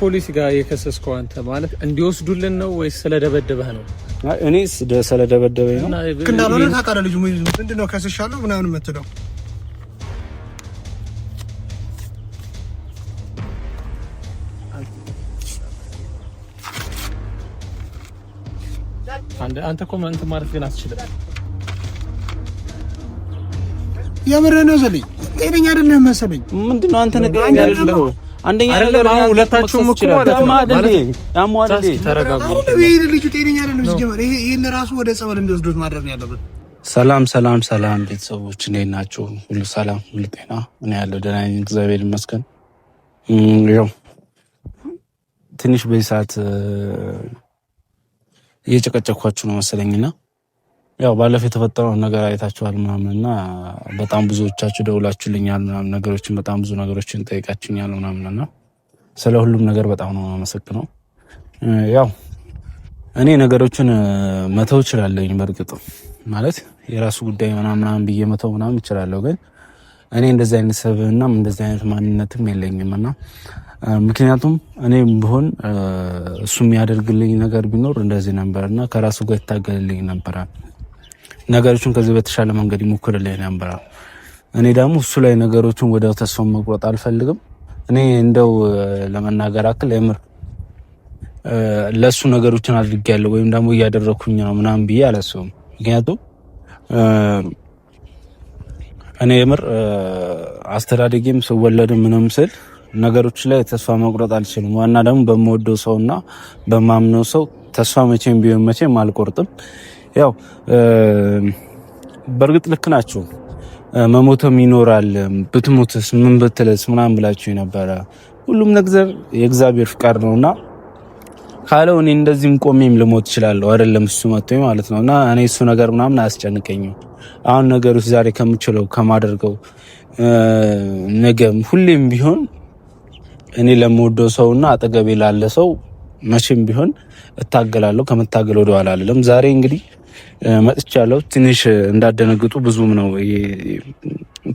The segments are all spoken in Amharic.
ፖሊስ ጋር የከሰስከው አንተ ማለት እንዲወስዱልን ነው ወይስ ስለደበደበህ ነው? እኔ ስለደበደበኝ ነው እንዳልሆነ ታውቃለህ። ልጁ ምንድን ነው ከስሻለሁ ምናምን የምትለው አንተ እኮ እንትን ማለት ግን አትችልም። የምርህ ነው ዘለኝ ጤነኛ አይደለህ መሰለኝ። ምንድን ነው አንተ ነገር አይደለህ አንደኛ ማለት ነው ማለት ራሱ ወደ ጸበል ማድረግ ያለበት። ሰላም ሰላም ሰላም ቤተሰቦች እንዴት ናቸው? ሁሉ ሰላም፣ ሁሉ ጤና። እኔ ያለው ደህና ነኝ፣ እግዚአብሔር ይመስገን። ያው ትንሽ በዚህ ሰዓት እየጨቀጨኳችሁ ነው መሰለኝና ያው ባለፈው የተፈጠረውን ነገር አይታችኋል ምናምን እና በጣም ብዙዎቻችሁ ደውላችሁልኛል ምናምን ነገሮችን በጣም ብዙ ነገሮችን ጠይቃችሁኛል ምናምን እና ስለ ሁሉም ነገር በጣም ነው የማመሰግነው። ያው እኔ ነገሮችን መተው እችላለሁኝ። በእርግጥ ማለት የራሱ ጉዳይ ምናምን ብዬ መተው ምናምን እችላለሁ፣ ግን እኔ እንደዚህ አይነት ሰብዕናም እንደዚህ አይነት ማንነትም የለኝም እና ምክንያቱም እኔ ብሆን እሱ የሚያደርግልኝ ነገር ቢኖር እንደዚህ ነበር እና ከራሱ ጋር ይታገልልኝ ነበራል። ነገሮችን ከዚህ በተሻለ መንገድ ይሞክርልኝ ነበር። እኔ ደግሞ እሱ ላይ ነገሮችን ወደ ተስፋ መቁረጥ አልፈልግም። እኔ እንደው ለመናገር አክል የምር ለእሱ ነገሮችን አድርጌያለሁ ወይም ደግሞ እያደረኩኝ ነው ምናምን ብዬ አላስብም። ምክንያቱም እኔ የምር አስተዳደጌም ስወለድም ምንም ስል ነገሮች ላይ ተስፋ መቁረጥ አልችልም። ዋና ደግሞ በምወደው ሰውና በማምነው ሰው ተስፋ መቼም ቢሆን መቼም አልቆርጥም። ያው በእርግጥ ልክ ናቸው። መሞተም ይኖራል ብትሞትስ ምን ብትለስ ምናምን ብላችሁ የነበረ ሁሉም ነገር የእግዚአብሔር ፍቃድ ነውና ካለው እኔ እንደዚህም ቆሜም ልሞት እችላለሁ። አይደለም እሱ መጥቶኝ ማለት ነውና እኔ እሱ ነገር ምናምን አያስጨንቀኝም። አሁን ውስጥ ዛሬ ከምችለው ከማደርገው ነገም ሁሌም ቢሆን እኔ ለምወደው ሰውና አጠገቤ ላለ ሰው መቼም ቢሆን እታገላለሁ። ከምታገል ወደኋላ አልልም። ዛሬ እንግዲህ መጥቻለሁ። ትንሽ እንዳደነግጡ ብዙም ነው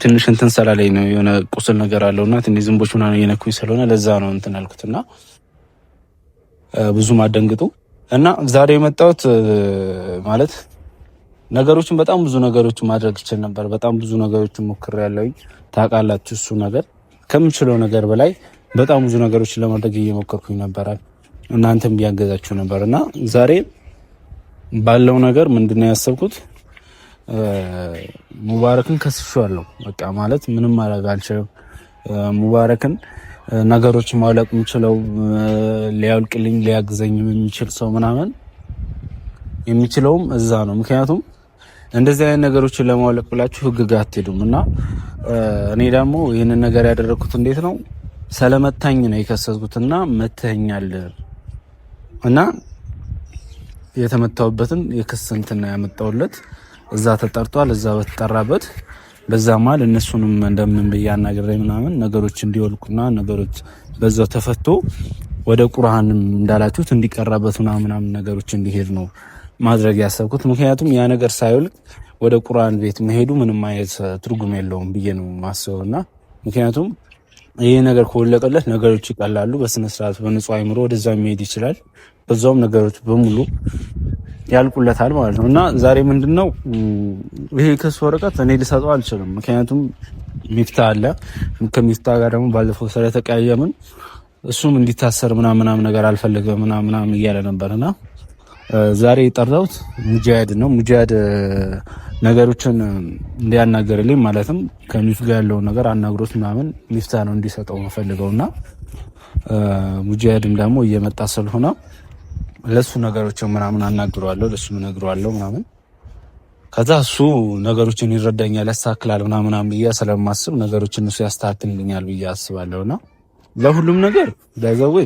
ትንሽ እንትን ሰላ ላይ ነው የሆነ ቁስል ነገር እና ትንሽ ዝንቦች ምናምን እየነኩኝ ስለሆነ ለዛ ነው እንትን አልኩትና ብዙም አደንግጡ እና ዛሬ የመጣሁት ማለት ነገሮችን በጣም ብዙ ነገሮችን ማድረግ ይችል ነበር። በጣም ብዙ ነገሮችን ሞክሬያለሁኝ። ታውቃላችሁ፣ እሱ ነገር ከምችለው ነገር በላይ በጣም ብዙ ነገሮችን ለማድረግ እየሞከርኩኝ ነበራል። እናንተም ቢያገዛችሁ ነበር እና ዛሬ ባለው ነገር ምንድነው ያሰብኩት ሙባረክን ከስሻለሁ። በቃ ማለት ምንም ማድረግ አልችልም። ሙባረክን ነገሮች ማውለቅ የምችለው ሊያውልቅልኝ ሊያግዘኝም የሚችል ሰው ምናምን የሚችለውም እዛ ነው። ምክንያቱም እንደዚህ አይነት ነገሮችን ለማውለቅ ብላችሁ ህግ ጋር አትሄዱም እና እኔ ደግሞ ይህንን ነገር ያደረግኩት እንዴት ነው ስለመታኝ ነው የከሰስኩት እና መተኛል እና የተመታውበትን የክስ እንትና ያመጣውለት እዛ ተጠርቷል። እዛ በተጠራበት በዛ መሀል እነሱንም እንደምን ብዬ አናግሬ ምናምን ነገሮች እንዲወልቁና ነገሮች በዛው ተፈቶ ወደ ቁርአንም እንዳላችሁት እንዲቀራበት ምናምን ነገሮች እንዲሄድ ነው ማድረግ ያሰብኩት። ምክንያቱም ያ ነገር ሳይወልቅ ወደ ቁርአን ቤት መሄዱ ምንም አይነት ትርጉም የለውም ብዬ ነው ማስበውና ምክንያቱም ይህ ነገር ከወለቀለት ነገሮች ይቀላሉ። በስነስርዓት በንጹህ አይምሮ ወደዛ የሚሄድ ይችላል። በዛውም ነገሮች በሙሉ ያልቁለታል ማለት ነው እና ዛሬ ምንድን ነው ይሄ ክስ ወረቀት እኔ ልሰጠው አልችልም። ምክንያቱም ሚፍታ አለ። ከሚፍታ ጋር ደግሞ ባለፈው ስለተቀያየምን እሱም እንዲታሰር ምናምናም ነገር አልፈልግም ምናምናም እያለ ነበርና ዛሬ የጠራሁት ሙጃሂድ ነው። ሙጃሂድ ነገሮችን እንዲያናገርልኝ ማለትም ከሚፍት ጋር ያለውን ነገር አናግሮት ምናምን ሚፍታ ነው እንዲሰጠው መፈልገው እና ሙጃሂድም ደግሞ እየመጣ ስለሆነ ለሱ ነገሮችን ምናምን አናግረዋለሁ፣ ለሱ ነግረዋለሁ ምናምን ከዛ እሱ ነገሮችን ይረዳኛል፣ ያስተካክላል ምናምናም ብዬ ስለማስብ ነገሮችን እሱ ያስተካክልልኛል ብዬ አስባለሁ። እና ለሁሉም ነገር ዳይዘዌ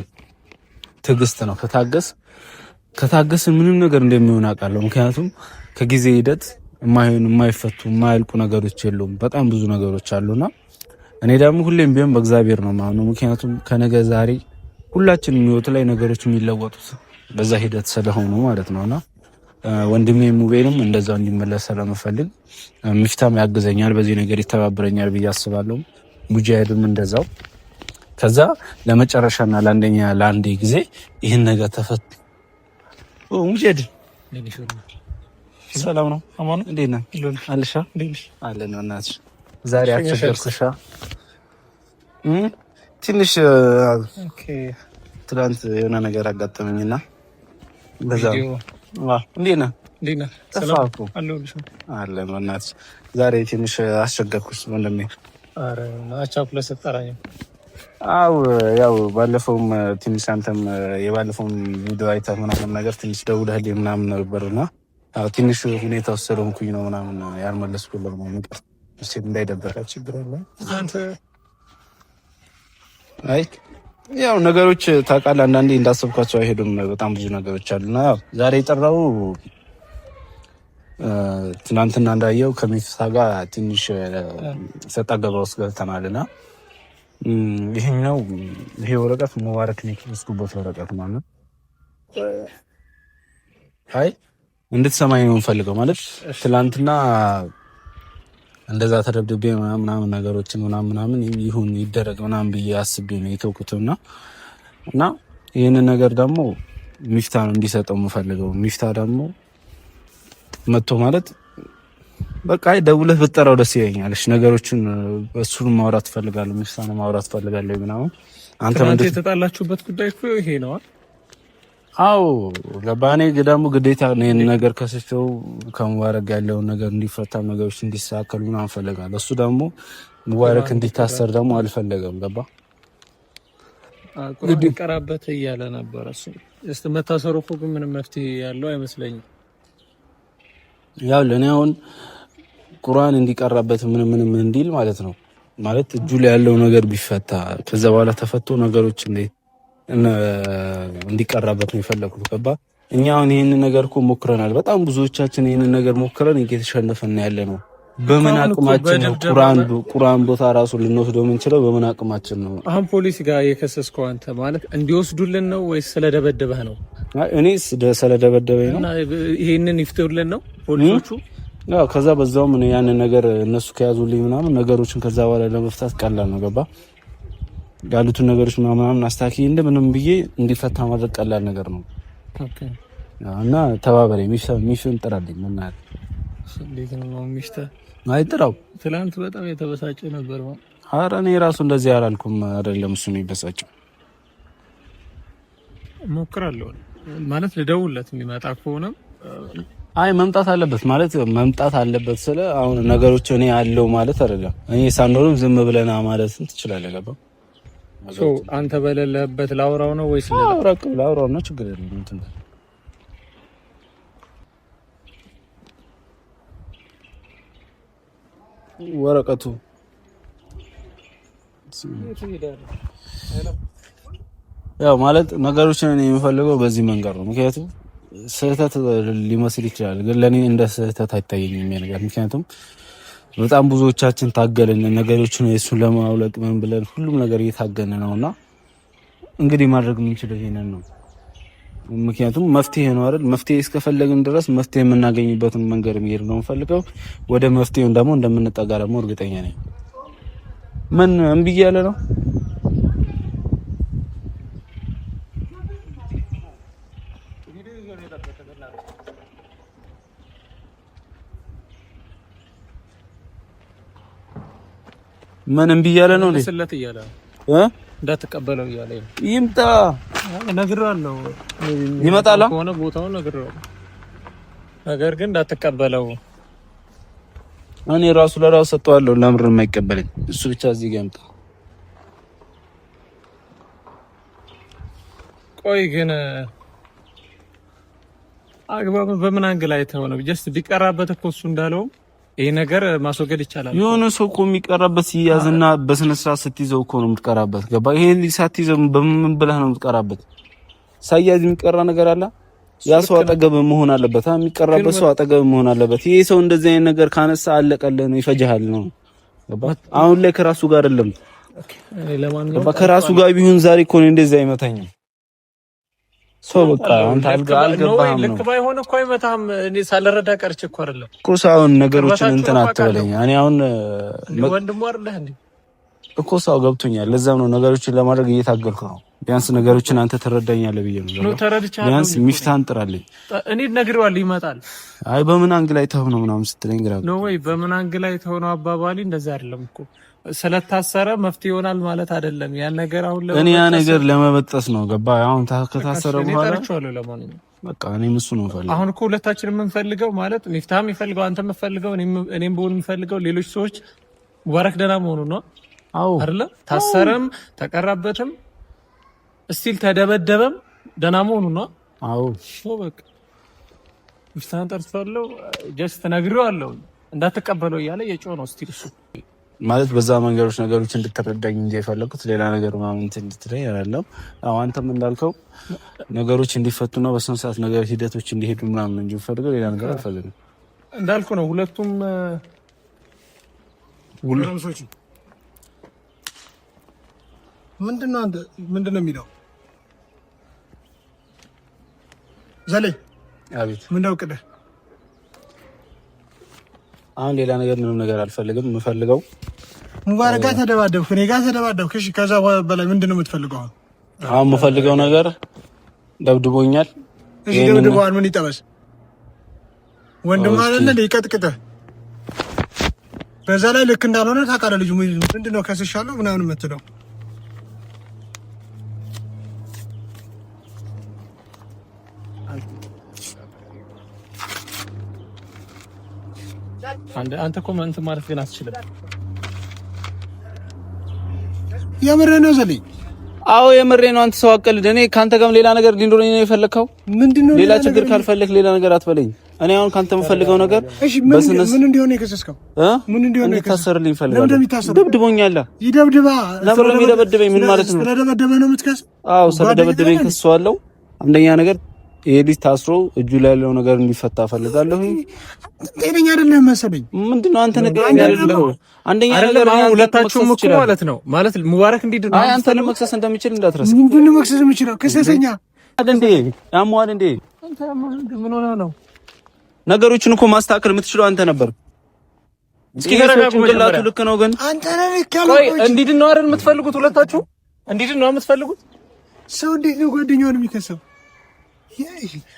ትዕግስት ነው ከታገስ ከታገስን ምንም ነገር እንደሚሆን አውቃለሁ። ምክንያቱም ከጊዜ ሂደት የማይሆኑ የማይፈቱ የማያልቁ ነገሮች የሉም። በጣም ብዙ ነገሮች አሉና እኔ ደግሞ ሁሌም ቢሆን በእግዚአብሔር ነው ማኑ። ምክንያቱም ከነገ ዛሬ ሁላችንም ህይወት ላይ ነገሮች የሚለወጡት በዛ ሂደት ስለሆኑ ማለት ነውና ወንድሜ ሙቤንም እንደዛው እንዲመለስ ስለምፈልግ ሚፍታም ያግዘኛል፣ በዚህ ነገር ይተባብረኛል ብዬ አስባለሁ። ሙጃሄድም እንደዛው ከዛ ለመጨረሻና ለአንደኛ ለአንዴ ጊዜ ይህን ነገር ተፈት ሙጀድ ሰላም ነው? አማኑ እንዴት ነህ? አለሻ ነው። እናት ዛሬ አቸገርኩሻ ትንሽ። ትላንት የሆነ ነገር አጋጠመኝና በዛ እንዴት ነህ? ጠፋህ እኮ አለን። እናት ዛሬ ትንሽ አስቸገርኩሽ ወንድሜ። አቻኩለህ ስትጠራኝ አው ያው ባለፈውም ትንሽ አንተም የባለፈውን ቪዲዮ አይተህ ምናምን ነገር ትንሽ ደውለህልኝ ምናምን ነበርና ትንሽ ሁኔታ ውስጥ ስለሆንኩኝ ነው ምናምን ያልመለስኩልህ ነው። ምቀር ስ እንዳይደበረ ችግር አለ። አይ ያው ነገሮች ታውቃለህ፣ አንዳንዴ እንዳሰብኳቸው አይሄዱም። በጣም ብዙ ነገሮች አሉና ዛሬ የጠራው ትናንትና እንዳየው ከሚፍሳ ጋር ትንሽ ሰጣ ገባ ውስጥ ገብተናልና ይሄኛው ይሄ ወረቀት ሙባረክ ነው ወረቀት ማለት አይ እንድትሰማኝ ነው የምፈልገው። ማለት ትላንትና እንደዛ ተደብድቤ ምናምን ነገሮችን ምናምን ምናምን ይሁን ይደረግ ምናምን ብዬ አስቤ ነው የተውኩትና እና ይህንን ነገር ደግሞ ሚፍታ ነው እንዲሰጠው የምፈልገው። ሚፍታ ደግሞ መጥቶ ማለት በቃ ደውለህ ብትጠራው ደስ ይለኛል። እሺ ነገሮችን እሱን ማውራት ፈልጋለሁ፣ ምሳን ማውራት ፈልጋለሁ ምናምን። አንተ ምንድን የተጣላችሁበት ጉዳይ እኮ ይሄ ነው። አዎ ለባኔ ግዳሙ ግዴታ ይህን ነገር ከሰቸው ከመዋረግ ያለውን ነገር እንዲፈታ ነገሮች እንዲስተካከሉ ምናምን ፈልጋለሁ። እሱ ደግሞ ሙባረክ እንዲታሰር ደግሞ አልፈለገም። ገባ ቀራበት እያለ ነበረ እሱ። እስቲ መታሰሩ እኮ ግን ምንም መፍትሄ ያለው አይመስለኝም። ያው ለእኔ አሁን ቁርአን እንዲቀራበት ምን ምን እንዲል ማለት ነው። ማለት እጁ ላይ ያለው ነገር ቢፈታ ከዛ በኋላ ተፈቶ ነገሮች እንዲቀራበት ነው የፈለጉት ገባ እኛ አሁን ይህንን ነገር እኮ ሞክረናል። በጣም ብዙዎቻችን ይህንን ነገር ሞክረን እየተሸነፈን ያለ ነው። በምን አቅማችን ነው ቁርአን ቦታ ራሱ ልንወስደው የምንችለው? በምን አቅማችን ነው? አሁን ፖሊስ ጋር የከሰስከው አንተ ማለት እንዲወስዱልን ነው ወይስ ስለደበደበህ ነው? እኔ ስለደበደበኝ ነው። ይህንን ይፍቱልን ነው ፖሊሶቹ ከዛ በዛውም ያንን ነገር እነሱ ከያዙልኝ ምናምን ነገሮችን ከዛ በኋላ ለመፍታት ቀላል ነው። ገባ ያሉትን ነገሮች ምናምን አስታኪ እንደምንም ብዬ እንዲፈታ ማድረግ ቀላል ነገር ነው እና ተባበሬ ሚሽን ጥራልኝ ምናል እንዴት ነው ሚፍታ አይጥራው። ትናንት በጣም የተበሳጨ ነበር። ኧረ እኔ ራሱ እንደዚህ አላልኩም። አደለም እሱ የሚበሳጨው እሞክራለሁ ማለት ልደውለት የሚመጣ ከሆነም አይ መምጣት አለበት ማለት መምጣት አለበት ስለ አሁን ነገሮች እኔ ያለው ማለት አይደለም። እኔ ሳንኖርም ዝም ብለና ማለት ትችላለህ። ገባህ? አንተ በሌለህበት ላውራው ነው ወይስ ላውራው ነው? ችግር የለም ወረቀቱ ያው ማለት ነገሮችን እኔ የምፈልገው በዚህ መንገድ ነው ምክንያቱም ስህተት ሊመስል ይችላል፣ ግን ለእኔ እንደ ስህተት አይታየኝም የሚያነጋር ምክንያቱም በጣም ብዙዎቻችን ታገልን ነገሮችን የእሱን ለማውለቅ ምን ብለን ሁሉም ነገር እየታገን ነው እና እንግዲህ ማድረግ የምንችለው ይሄንን ነው። ምክንያቱም መፍትሄ ነው አይደል? መፍትሄ እስከፈለግን ድረስ መፍትሄ የምናገኝበትን መንገድ መሄድ ነው የምፈልገው። ወደ መፍትሄውን ደግሞ እንደምንጠጋ ደግሞ እርግጠኛ ነኝ። ምን እምቢ እያለ ነው ምን እምቢ እያለ ነው እንዴ? ስለት እያለ እ እንዳትቀበለው እያለ ይምጣ። እነግርሃለሁ፣ ይመጣል ከሆነ ቦታውን እነግርሃለሁ። ነገር ግን እንዳትቀበለው። እኔ ራሱ ለራሱ ሰጥተዋለሁ። ለምር የማይቀበልኝ እሱ ብቻ እዚህ ጋር ይምጣ። ቆይ ግን አግባብ በምን አንግል አይተኸው ነው? ጀስት ቢቀራበት እኮ እሱ እንዳለውም ይሄ ነገር ማስወገድ ይቻላል። የሆነ ሰው እኮ የሚቀራበት ሲያዝና በስነ ስርዓት ስትይዘው እኮ ነው የምትቀራበት። ገባ ይሄ ሳትይዘው በምን ብለህ ነው የምትቀራበት? ሳያዝ የሚቀራ ነገር አለ። ያ ሰው አጠገብ መሆን አለበት። የሚቀራበት ሰው አጠገብ መሆን አለበት። ይሄ ሰው እንደዚህ አይነት ነገር ካነሳ አለቀልህ ነው፣ ይፈጅሃል ነው። አሁን ላይ ከራሱ ጋር አይደለም። ከራሱ ጋር ቢሆን ዛሬ እኮ እንደዚህ አይመታኝም ሰው በቃ አንተ አልገባህም። ልክ ባይሆን እኮ አይመታህም። እኔ ሳልረዳ ቀርቼ እኮ አይደለም እኮ ሳይሆን ነገሮችን እንትን አትበለኝ። እኔ አሁን ወንድሙ አይደለህ እኮ ሰው ገብቶኛል። ለዛም ነው ነገሮችን ለማድረግ እየታገልኩ ነው ቢያንስ ነገሮችን አንተ ተረዳኛለህ ብዬ ነው። ተረድቻለሁ። ቢያንስ ሚፍታን ጥራልኝ። እኔ እነግረዋለሁ ይመጣል። አይ በምን አንግል አይተኸው ነው ምናምን ስትለኝ ግራ ነው ወይ በምን አንግል አይተኸው ነው አባባሊ እንደዛ አይደለም እኮ ስለታሰረ መፍትሄ ይሆናል ማለት አይደለም። ያን ነገር አሁን እኔ ያ ነገር ለመበጠስ ነው ገባ። አሁን ከታሰረ በኋላ በቃ እኔ ምሱ ነው ፈልገው። አሁን እኮ ሁለታችን የምንፈልገው ማለት ሚፍታህም ይፈልገው አንተ የምፈልገው እኔም ብሆን የምፈልገው ሌሎች ሰዎች ወረክ ደህና መሆኑ ነው አይደለም። ታሰረም ተቀራበትም እስቲል ተደበደበም ደህና መሆኑ ነው። አዎ በቃ ውሳን ጠርሷለሁ ጀስት ነግሬዋለሁ እንዳትቀበለው እያለ የጮ ነው እስቲል እሱ ማለት በዛ መንገዶች ነገሮች እንድትረዳኝ እንጂ የፈለኩት ሌላ ነገር ማምንት እንድትለኝ ያለው አንተም እንዳልከው ነገሮች እንዲፈቱና በስነ ስርዓት ነገር ሂደቶች እንዲሄዱ ምናምን እንጂ ፈልገው ሌላ ነገር አልፈልግም። እንዳልኩ ነው ሁለቱም ምንድነው ምንድነው የሚለው ዘለይ አቤት። አሁን ሌላ ነገር ምንም ነገር አልፈልግም። የምፈልገው ሙባረክ ጋር ተደባደብክ፣ እኔ ጋር ተደባደብክ። እሺ ከዛ በላይ ምንድን ነው የምትፈልገው? አሁን የምፈልገው ነገር ደብድቦኛል። እሺ ደብድቦሃል፣ ምን ይጠበስ? ወንድም አለ እንደ በዛ ላይ ልክ እንዳልሆነ ታውቃለህ። ልጁ ምንድን ነው ከስሻለሁ ምናምን የምትለው አንድ አንተ ኮመንት እንትን ማለት ግን አትችልም። የምሬ ነው ዘልኝ። አዎ የምሬ ነው። አንተ ሰው አቀልድ። እኔ ከአንተ ጋርም ሌላ ነገር ሊኖረኝ ነው የፈለግከው? ምንድነው? ሌላ ችግር ካልፈለግ ሌላ ነገር አትበለኝ። እኔ አሁን ካንተ የምፈልገው ነገር እሺ፣ ምን ምን እንደሆነ የከሰስከው ምን እንደሆነ እንድታሰርልኝ እፈልጋለሁ። ደብድቦኛል። ይደብድባ ለምን ይደበድበኝ? ምን ማለት ነው? ስለደበደበ ነው የምትከስ? አዎ ስለደበደበኝ ከሰዋለሁ። አንደኛ ነገር ይሄ ልጅ ታስሮ እጁ ላይ ያለው ነገር እንዲፈታ ፈልጋለሁ። ጤነኛ አይደለም መሰለኝ። ምንድነው አንተ ነገር አይደለም። አንደኛ አይደለም። አሁን ሁለታችሁም እኮ ማለት ነው ማለት ሙባረክ እንዲድ ነው። አንተ ለመክሰስ እንደምችል እንዳትረሳ። ምንድነው ነው መክሰስ የምችለው? ክሰሰኛ አይደል እንዴ? ያሟል እንዴ? አንተ ምን ሆነ ነው? ነገሮችን እኮ ማስተካከል የምትችለው አንተ ነበር። እስኪ ጭንቅላቱ ልክ ነው ግን አንተ ነህ ልክ ያለው። እንዲድ ነው አይደል የምትፈልጉት? ሁለታችሁ እንዲድ ነው የምትፈልጉት? ሰው እንዴት ነው ጓደኛውን የሚከሰው?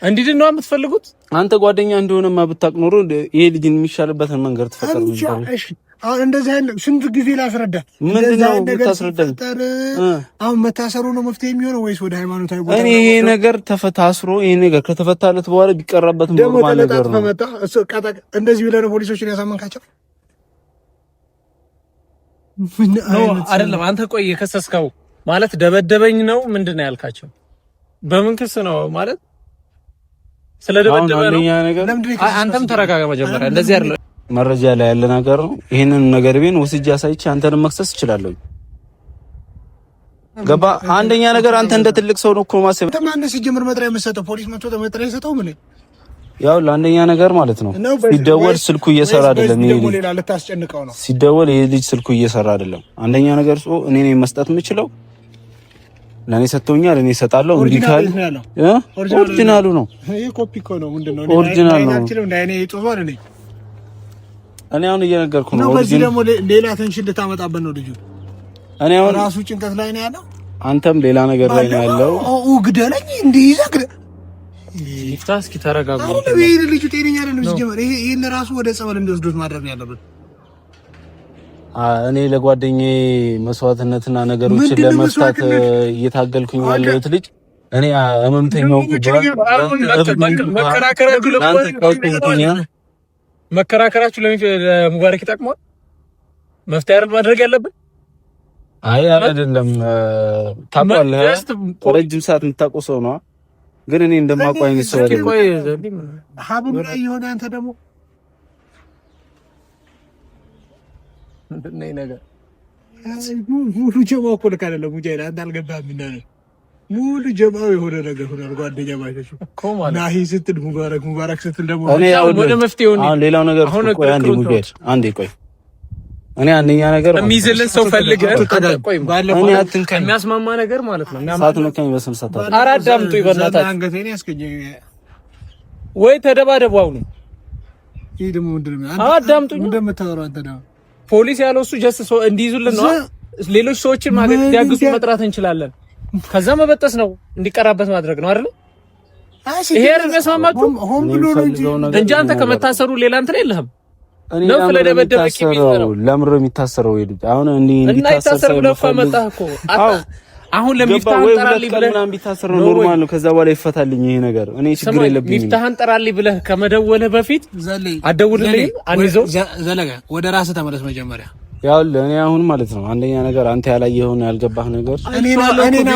እንዲድን ነው የምትፈልጉት? አንተ ጓደኛ እንደሆነማ ብታቅ ኖሮ ይሄ ልጅ የሚሻልበትን መንገድ ትፈጠር። አሁን እንደዚህ አይነት ስንት ጊዜ ላስረዳ። ምንድነው የምታስረዳኝ? አሁን መታሰሩ ነው መፍትሄ የሚሆነው ወይስ ወደ ሃይማኖታዊ ቦታ? እኔ ይሄ ነገር ተፈታስሮ ይሄ ነገር ከተፈታለት በኋላ ቢቀረበት ኖርማል ነገር ነው። እንደዚህ ብለህ ነው ፖሊሶችን ያሳመንካቸው? አይደለም አንተ ቆይ የከሰስከው ማለት ደበደበኝ ነው ምንድን ያልካቸው? በምን ክስ ነው ማለት ስለደበደበ አንተም ተረጋጋ መጀመሪያ። እንደዚህ አይደለም መረጃ ላይ ያለ ነገር ነው። ይህንን ነገር ቢን ወስጄ አሳይቼ አንተንም መክሰስ እችላለሁ። ገባ? አንደኛ ነገር አንተ እንደ ትልቅ ሰው ነው እኮ ማሰብ። ተማነስ ጀምር መጥሪያ የምትሰጠው ፖሊስ መጥቶ መጥሪያ የሰጠው ምን ያው ለአንደኛ ነገር ማለት ነው። ሲደወል ስልኩ እየሰራ አይደለም። ይሄ ልጅ ሲደወል ይሄ ልጅ ስልኩ እየሰራ አይደለም። አንደኛ ነገር እኔ ነኝ መስጠት የምችለው ለእኔ ሰጥቶኛል፣ እኔ እሰጣለሁ። እንዲህ ካል ኦሪጂናሉ ነው። ይሄ ኮፒ እኮ ነው። ምንድን ነው? ኦሪጂናል ነው። እኔ አሁን እየነገርኩ ነው። በዚህ ደግሞ ሌላ ቴንሽን ልታመጣበት ነው ልጁ። እኔ አሁን ራሱ ጭንቀት ላይ ነው ያለው፣ አንተም ሌላ ነገር ላይ ነው ያለው። ግደለኝ እንዲህ ይዘህ ግደለኝ። ይፍታ እስኪ ተረጋጋ። አሁን ይሄ ልጁ ጤነኛ አይደለም ሲጀመር። ይሄን ራሱ ወደ ጸበል እንዲወስዱት ማድረግ ነው ያለበት። እኔ ለጓደኛዬ መስዋዕትነትና ነገሮችን ለመፍታት እየታገልኩኝ ያለሁት ልጅ እኔ ህመምተኛው መከራከራችሁ ለሙባረክ ይጠቅመዋል። መፍትሄ አይደል ማድረግ ያለብን? አይ አይደለም። ታውቃለህ፣ ረጅም ሰዓት የምታውቀው ሰው ነዋ። ግን እኔ እንደማውቀው አይነት ሰው አይደለም። ሀብም ላይ የሆነ አንተ ደግሞ ምንድን ነው ነገር? ሙሉ ጀማው እኮ ልክ አይደለም። ሙጃሂድ አንተ አልገባህም። እና ሙሉ ጀማው የሆነ ነገር ሆኗል። ጓደኛ ማይተሽ ናሂ ስትል ሙባረክ፣ ሙባረክ ስትል ደግሞ ወደ መፍትሄው አሁን ሌላው ነገር ቆይ አንዴ ሙጃሂድ አንዴ ቆይ እኔ አንደኛ ነገር የሚይዝልን ሰው ፈልገህ የሚያስማማ ነገር ማለት ነው። ሳትመካኝ በስም ሰታት ኧረ አዳምጡኝ በእናታችሁ ወይ ተደባደቡ። አሁን ይህ ደግሞ ምንድን ነው? አዳምጡ እንደምታወራው አንተ ደግሞ ፖሊስ ያለው እሱ ጀስት ሰው እንዲይዙልን ነው። ሌሎች ሰዎችን ማገት ሊያግዙ መጥራት እንችላለን። ከዛ መበጠስ ነው እንዲቀራበት ማድረግ ነው አይደል? ይሄ አይደል የሚያስማማችሁ? እንጂ አንተ ከመታሰሩ ሌላ እንትን የለህም። ነው ስለደበደበ ለምሮ የሚታሰረው ይሄድ አሁን እንዲህ እንዲታሰረው ለፋ መጣህ እኮ አሁን ለሚፍታህን ጠራልኝ ብለህ ምናምን ቢታሰር ነው ኖርማል ነው። ከዛ በኋላ ይፈታልኝ ይሄ ነገር። እኔ ችግር የለብኝም። ሚፍታህን ጠራልኝ ብለህ ከመደወልህ በፊት አደውልልኝ። አንይዘው ዘለገ፣ ወደ ራስህ ተመለስ መጀመሪያ ያው ለእኔ አሁን ማለት ነው አንደኛ ነገር አንተ ያላየኸውን ያልገባህ ነገር እኔ ነው።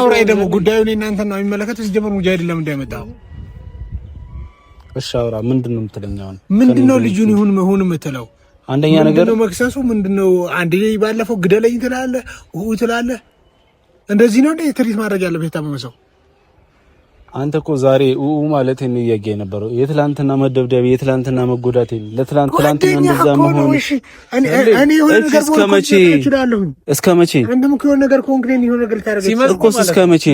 አውራኝ። ደግሞ ጉዳዩ እኔ እናንተ ነው የሚመለከተው። ሲጀመር ሙጃሂድ ለምን እንዳይመጣው እሺ፣ አውራ ምንድን ነው የምትለኝ? አሁን ምንድን ነው ልጁን ይሁን መሆን የምትለው? አንደኛ ነገር ምንድን ነው መክሰሱ? ምንድን ነው አንድ ባለፈው ግደለኝ ትላለህ፣ ውኡ ትላለህ እንደዚህ ነው እንደ ትሪት ማድረግ ያለብህ የታመመ ሰው። አንተ እኮ ዛሬ ኡ ማለት እያየ የነበረው የትላንትና መደብደብ የትላንትና መጎዳት ለትላንትና እንደዛ መሆን እስከ መቼ እስከ መቼ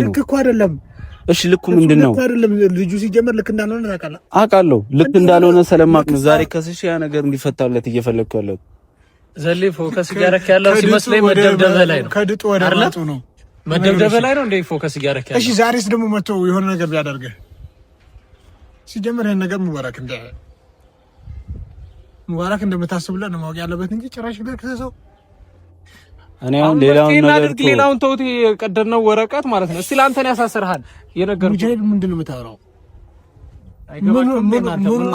ነው እኮ አይደለም። እሺ ልኩ ምንድን ነው? ልጁ ሲጀመር ልክ እንዳልሆነ ታውቃለህ። አውቃለሁ ልክ እንዳልሆነ ነው ዛሬ ከስሽ ያ ነገር እንዲፈታለት እየፈለግኩ ያለሁት ዘሌ ፎከስ ያረክ ያለው ሲመስለኝ መደብደብ ላይ ነው ከድጡ ወደ ነው መደብደብ ላይ ነው እንደ ፎከስ እያደረክ ያለው። እሺ ዛሬስ ደግሞ መቶ የሆነ ነገር ቢያደርግህ ሲጀምር ይህን ነገር ሙባረክ እንደ ሙባረክ እንደምታስብለን ነው ማወቅ ያለበት እንጂ ጭራሽ ሰው እኔ ሌላውን ተውት። የቀደድነው ወረቀት ማለት ነው። እስቲ ለአንተን ያሳስርሃል ሙጃሄድ ምንድን ነው የምታወራው?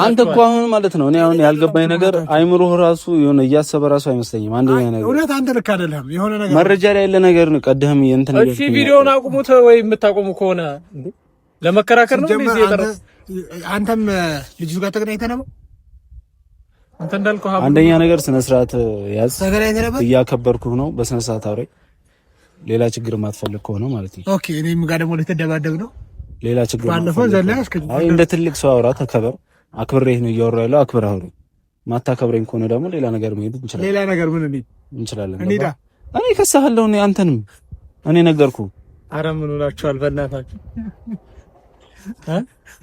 አንተ እኮ አሁን ማለት ነው እኔ አሁን ያልገባኝ ነገር አይምሮህ ራሱ የሆነ እያሰበ ራሱ አይመስለኝም። አንደኛ ነገር እውነት አንተ ልክ አይደለህም። የሆነ ነገር መረጃ ላይ ያለ ነገር ነው። ቀደህም እንትን እሺ፣ ቪዲዮውን አቁሙት ወይ የምታቆሙ ከሆነ ለመከራከር ነው ቢዚ አንተም ልጅ ጋር ተገናኝተህ ነው አንተ እንዳልከው አንደኛ ነገር ስነ ስርዓት ያዝ። እያከበርኩህ ነው። በስነ ስርዓት አውሪ። ሌላ ችግር ማትፈልግ ከሆነ ማለት ነው ኦኬ። እኔም ጋር ደግሞ ልትደባደብ ነው ሌላ ችግር ባለፈው ዘላ አይ እንደ ትልቅ ሰው አውራ ተከበር። አክብሬህ ነው እያወራ ያለው አክብር። አሁን ማታከብረኝ ከሆነ ደግሞ ሌላ ነገር መሄድ እንችላለን። ሌላ ነገር ምን እንችላለን? እንችላለን። እኔ ከሳሃለሁ። እኔ አንተንም እኔ ነገርኩ። አረ ምን ሆናችኋል? በእናታችሁ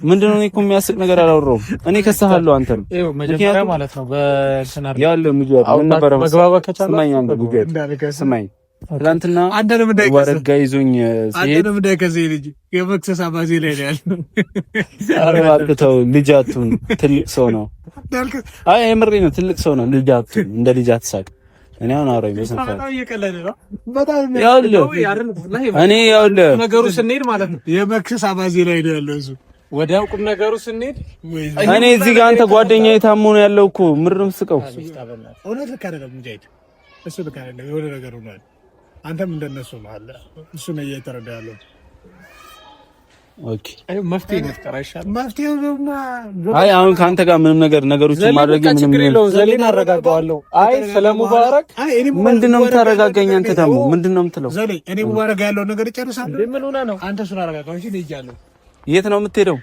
ምንድነው? እኔ እኮ የሚያስቅ ነገር አላወራሁም። እኔ ከሳሃለሁ አንተንም። መጀመሪያ ማለት ነው በእንትን አይደል ያለው ምን ነበረ መግባባት ከቻለ ስማኝ ትላንትና ወረጋ ይዞኝ ሲሄድ ከዚህ ልጅ የመክሰስ አባዜ ላይ ነው ኧረ እባክህ ተው፣ ልጃቱን ትልቅ ሰው ነው። አይ የምሬ ነው፣ ትልቅ ሰው ነው። ልጃቱን እንደ ልጅ አትሳቅ። እኔ አሁን አውራኝ እኔ ነገሩ ስንሄድ ማለት ነው የመክሰስ አባዜ ላይ ነው ያለው እሱ ቁም ነገሩ ስንሄድ እኔ እዚህ ጋር አንተ ጓደኛ የታሙ ነው ያለው እኮ ምርም ስቀው እውነት ልክ አይደለም እንጂ እሱ ልክ አይደለም የሆነ ነገር ሆኗል። አንተም እንደነሱ አለ። እሱ ነው እየተረዳ ያለው። አይ አሁን ከአንተ ጋር ምንም ነገር ነገሮችን ማድረግ ምንም ነገር ዘሌን አረጋጋዋለሁ። አይ ስለ ሙባረክ ምንድን ነው የምታረጋገኝ? አንተ ደግሞ ምንድን ነው የምትለው? እኔ ሙባረክ ያለው ነገር ይጨርሳል። የት ነው የምትሄደው?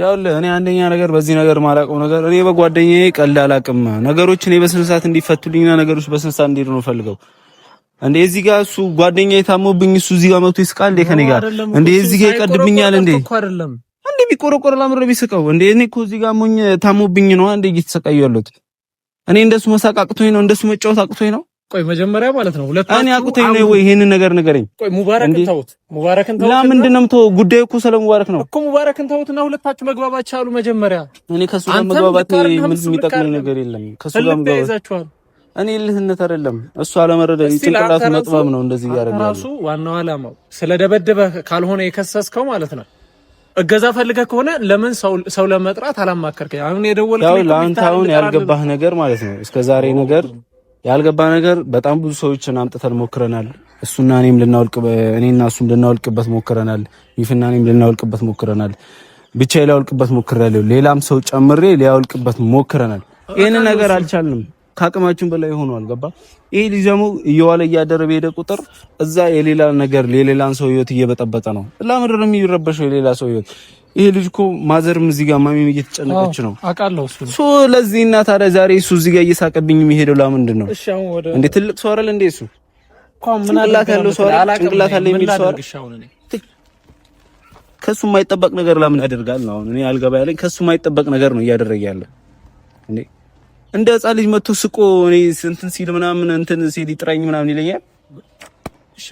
ያውልህ እኔ አንደኛ ነገር በዚህ ነገር ማላውቀው ነገር እኔ በጓደኛዬ ቀልድ አላውቅም። ነገሮች እኔ በስነ እንዲፈቱልኝና ነገሮች በስነ ስርዓት እንዲሄዱ ነው ፈልገው። እንዴ እዚህ ጋር እሱ ጓደኛዬ ታሞብኝ እሱ እዚህ ጋር መጥቶ ይስቃል እንዴ ከኔ ጋር እንዴ እዚህ ጋር ይቀድብኛል እንዴ እንዴ ቢቆረቆር ላምር ቢስቀው እንዴ እኔ እኮ እዚህ ጋር ሞኝ ታሞብኝ ነው እንዴ እየተሰቃየሁ ያለሁት እኔ እንደሱ መሳቅ አቅቶኝ ነው እንደሱ መጫወት አቅቶኝ ነው ቆይ መጀመሪያ ማለት ነው ሁለት አኔ አቁቴ ነው ወይ ይሄንን ነገር ንገረኝ። ቆይ ሙባረክን ተውት፣ ሙባረክን ተውት። ለምንድን ነው የምተወው? ጉዳዩ እኮ ስለ ሙባረክ ነው እኮ። ሙባረክን ተውትና ሁለታችሁ መግባባት ቻሉ። መጀመሪያ እኔ ከሱ ጋር መግባባት ምን የሚጠቅመኝ ነገር የለም። ከሱ ጋር መግባባት እኔ ልህነት አይደለም እሱ አለመረዳት ጭንቅላት መጥበብ ነው እንደዚህ ያደርጋል። ራሱ ዋናው አላማው ስለደበደበ ካልሆነ የከሰስከው ማለት ነው እገዛ ፈልገ ከሆነ ለምን ሰው ለመጥራት አላማከርከኝ? አሁን የደወልከኝ ለአንተ አሁን ያልገባህ ነገር ማለት ነው እስከዛሬ ነገር ያልገባ ነገር በጣም ብዙ ሰዎችን አምጥተን ሞክረናል። እሱና እኔም ልናወልቅ እኔና እሱም ልናወልቅበት ሞክረናል። ይፍና እኔም ልናወልቅበት ሞክረናል። ብቻ ላወልቅበት ሞክረናል። ሌላም ሰው ጨምሬ ሊያወልቅበት ሞክረናል። ይህንን ነገር አልቻልንም። ከአቅማችን በላይ ሆኖ አልገባ። ይህ ልጅ ደግሞ እየዋለ እያደረ በሄደ ቁጥር እዛ የሌላ ነገር የሌላን ሰው ህይወት እየበጠበጠ ነው። ለምድር የሚረበሸው የሌላ ሰው ህይወት ይሄ ልጅ እኮ ማዘርም እዚህ ጋር ማሚም እየተጨነቀች ነው አውቃለሁ። እሱ ሶ ለዚህ እና ታዲያ ዛሬ እሱ እዚህ ጋር እየሳቀብኝ የሚሄደው ለምንድን ነው እሺ አሁን ወደ እንዴ? ትልቅ ሰው አይደል እንዴ? እሱ ጭንቅላት ያለው ሰው አይደል? ጭንቅላት አለ የሚል ሰው አይደል? ከሱ የማይጠበቅ ነገር ለምን ያደርጋል ነው? አሁን እኔ አልገባ ያለኝ ከሱ የማይጠበቅ ነገር ነው እያደረገ ያለ እንዴ። እንደ ሕፃን ልጅ መጥቶ ስቆ እኔ እንትን ሲል ምናምን እንትን ሲል ይጥራኝ ምናምን ይለኛል። እሺ